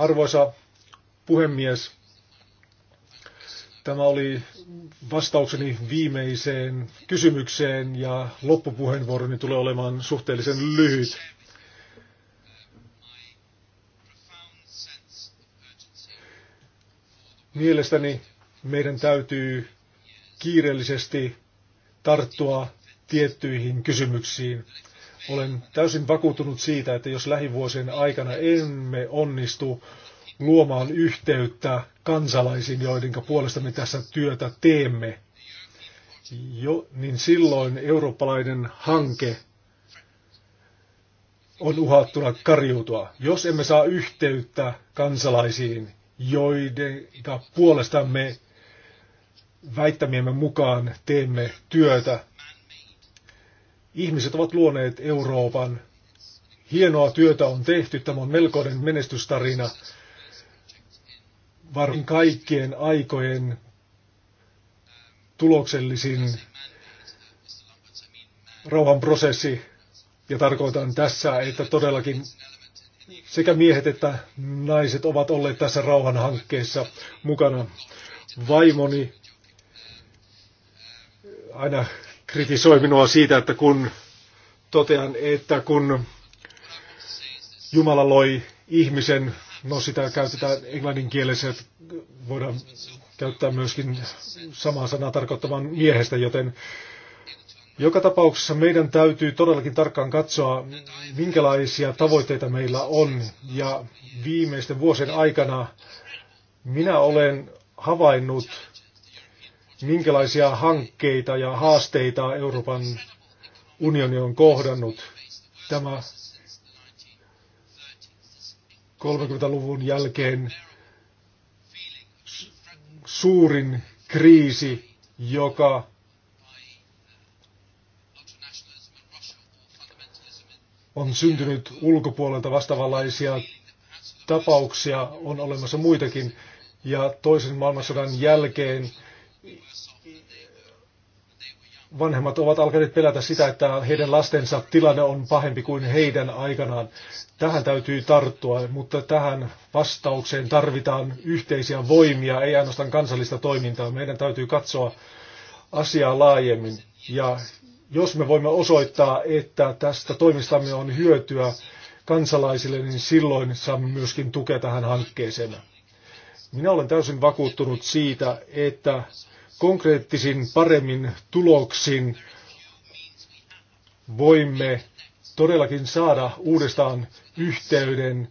Arvoisa puhemies, tämä oli vastaukseni viimeiseen kysymykseen ja loppupuheenvuoroni tulee olemaan suhteellisen lyhyt. Mielestäni meidän täytyy kiireellisesti tarttua tiettyihin kysymyksiin. Olen täysin vakuuttunut siitä, että jos lähivuosien aikana emme onnistu luomaan yhteyttä kansalaisiin, joiden puolesta me tässä työtä teemme, jo, niin silloin eurooppalainen hanke on uhattuna karjuutua. Jos emme saa yhteyttä kansalaisiin, joiden puolesta me väittämiemme mukaan teemme työtä, Ihmiset ovat luoneet Euroopan. Hienoa työtä on tehty. Tämä on melkoinen menestystarina. Varmin kaikkien aikojen tuloksellisin rauhanprosessi. Ja tarkoitan tässä, että todellakin sekä miehet että naiset ovat olleet tässä rauhanhankkeessa mukana. Vaimoni aina kritisoi minua siitä, että kun totean, että kun Jumala loi ihmisen, no sitä käytetään että voidaan käyttää myöskin samaa sanaa tarkoittavan miehestä, joten joka tapauksessa meidän täytyy todellakin tarkkaan katsoa, minkälaisia tavoitteita meillä on. Ja viimeisten vuosien aikana minä olen havainnut, minkälaisia hankkeita ja haasteita Euroopan unioni on kohdannut. Tämä 30-luvun jälkeen suurin kriisi, joka on syntynyt ulkopuolelta vastaavanlaisia tapauksia, on olemassa muitakin. Ja toisen maailmansodan jälkeen vanhemmat ovat alkaneet pelätä sitä, että heidän lastensa tilanne on pahempi kuin heidän aikanaan. Tähän täytyy tarttua, mutta tähän vastaukseen tarvitaan yhteisiä voimia, ei ainoastaan kansallista toimintaa. Meidän täytyy katsoa asiaa laajemmin. Ja jos me voimme osoittaa, että tästä toimistamme on hyötyä kansalaisille, niin silloin saamme myöskin tukea tähän hankkeeseen. Minä olen täysin vakuuttunut siitä, että konkreettisin paremmin tuloksin voimme todellakin saada uudestaan yhteyden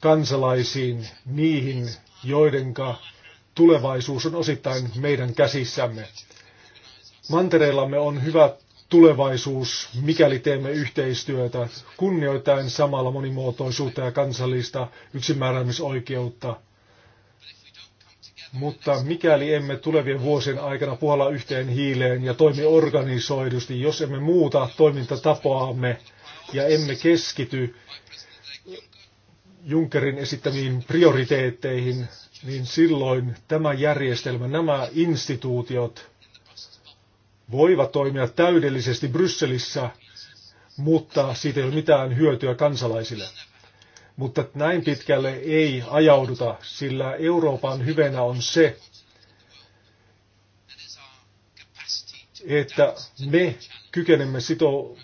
kansalaisiin, niihin, joidenka tulevaisuus on osittain meidän käsissämme. Mantereillamme on hyvä tulevaisuus, mikäli teemme yhteistyötä, kunnioittaen samalla monimuotoisuutta ja kansallista yksimääräämisoikeutta – mutta mikäli emme tulevien vuosien aikana puhalla yhteen hiileen ja toimi organisoidusti, jos emme muuta toimintatapaamme ja emme keskity Junckerin esittämiin prioriteetteihin, niin silloin tämä järjestelmä, nämä instituutiot voivat toimia täydellisesti Brysselissä, mutta siitä ei ole mitään hyötyä kansalaisille mutta näin pitkälle ei ajauduta, sillä Euroopan hyvänä on se, että me kykenemme sito,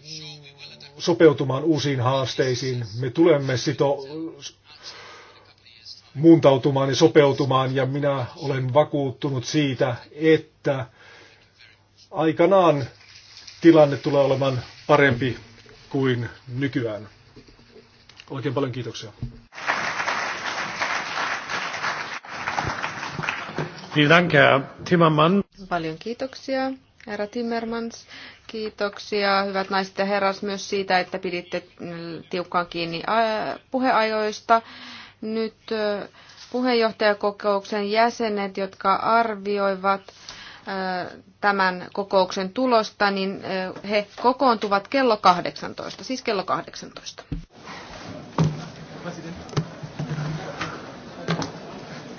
sopeutumaan uusiin haasteisiin. Me tulemme sito, muuntautumaan ja sopeutumaan ja minä olen vakuuttunut siitä, että aikanaan tilanne tulee olemaan parempi kuin nykyään. Oikein paljon kiitoksia. Paljon kiitoksia, herra Timmermans. Kiitoksia, hyvät naiset ja herras, myös siitä, että piditte tiukkaan kiinni puheajoista. Nyt puheenjohtajakokouksen jäsenet, jotka arvioivat tämän kokouksen tulosta, niin he kokoontuvat kello 18, siis kello 18.